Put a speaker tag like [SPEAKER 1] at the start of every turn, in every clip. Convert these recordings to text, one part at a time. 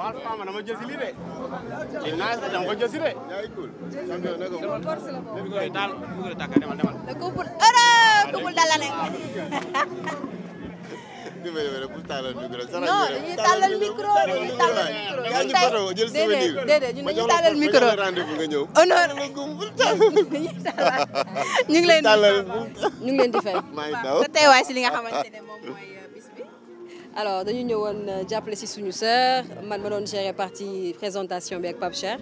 [SPEAKER 1] waaw Fama dama jël si lii de. lii naa si dama ko jël si de. daal bu gën a tàkk demal demal. te couple heureux couple dala nekk. non dañuy tàllal micro dañuy tàllal micro. ñun tey déedéet déedéet ñun dañuy tàllal micro. honneur ñu ngi leen di ñu ngi leen di fay. sa teewaay si li nga xamante ne moom mooy euh, bis
[SPEAKER 2] bi. alors dañu ñëwoon euh, jàppale si suñu sœur man ma doon gérer partie présentation bi ak Pape Cheikh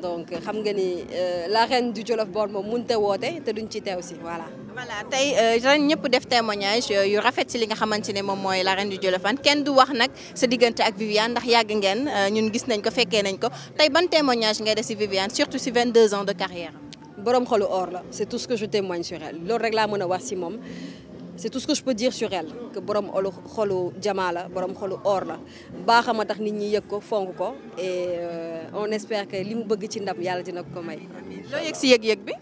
[SPEAKER 2] donc euh, xam nga ni euh, la reine du
[SPEAKER 1] Jolof Boor moom mënut te woote te duñ ci teew si voilà. voilà tey ren ñëpp def témoignage yu rafet ci li nga xamante ne moom mooy la reine du Jolofane kenn du wax nag sa diggante ak Viviane ndax yàgg ngeen ñun gis nañ ko fekkee nañ ko tey ban témoignage ngay def si Viviane surtout si 22 ans de carrière. borom xolu or la c'est tout ce que je témoigne loolu rek laa mën a wax si moom. c'est tout ce que je peux dire
[SPEAKER 2] sur elle que borom olu xolu jamaa la borom xolu or la baaxam a tax nit ñi yëg ko fonk ko et euh, on espère que li mu bëgg ci ndam yàlla dina ko may. loo yëg si yëg-yëg bi.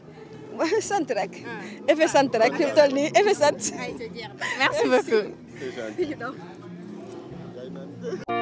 [SPEAKER 2] sant rek. Ah. effet sant rek toll nii effet sant. merci beaucoup.